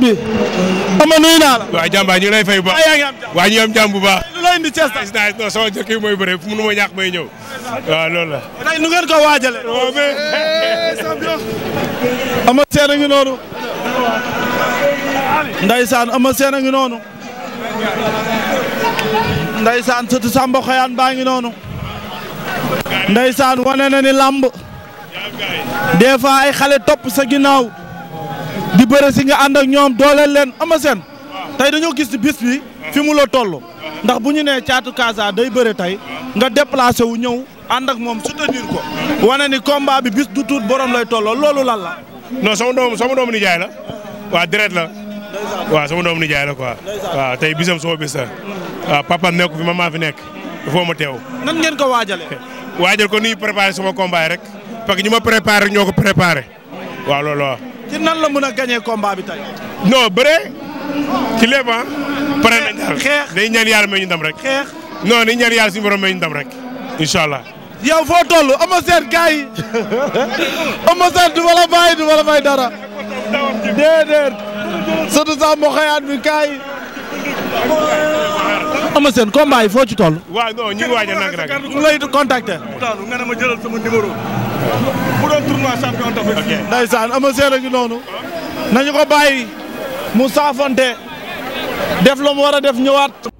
bi ama nuyu naa la waaw jàmbaar ñu ngi lay fay bu baax waaw ñu am jàmm bu baax lu la indi ñëw nu ngeen ko waajale ama seen a ngi noonu ndaysaan ama seen a ngi noonu ndaysaan sëtu Samba Xoyaan baa ngi noonu ndaysaan wane na ni làmb des ay xale topp sa ginnaaw di bëre si nga ànd ak ñoom dooleel leen ama seen tey dañoo gis bis bi fi mu la toll ndax bu ñu nee caatu Casa day bëre tey nga déplacé wu ñëw ànd ak moom soutenir ko wane ni combat bi bis du tuut borom lay tolloo loolu lan la. non sama doom sama doomu nijaay la waa deret la waaw sama doomu nijaay la quoi waaw tey bisam soo bis la waaw papa nekk fi maman fi nekk foo mu teew. nan ngeen ko waajalee. waajal ko nii ñu préparé sama combat rek parce que ñu ma préparé rek ko préparé waaw loolu ci nan la mun a gagné combat bi tey. non bëre ci lépp ah. pare nañ daal xeex day ñaan yàlla rek. xeex non day ñaan yàlla suñu borom may rek incha allah. yow foo toll ama seet gars yi seet du ma dara. déedéet surtout sax moo xëyaat bi ma Sène combat yi foo ci toll. waaw non ñu ngi waaj a nag nag mu lay contacter. mu nga ne ma jëlal sama numéro. bu doon tournoi champion d'Afrique. ndeysaan a ngi noonu. nañu ko bàyyi mu saafonte def la mu a def ñëwaat.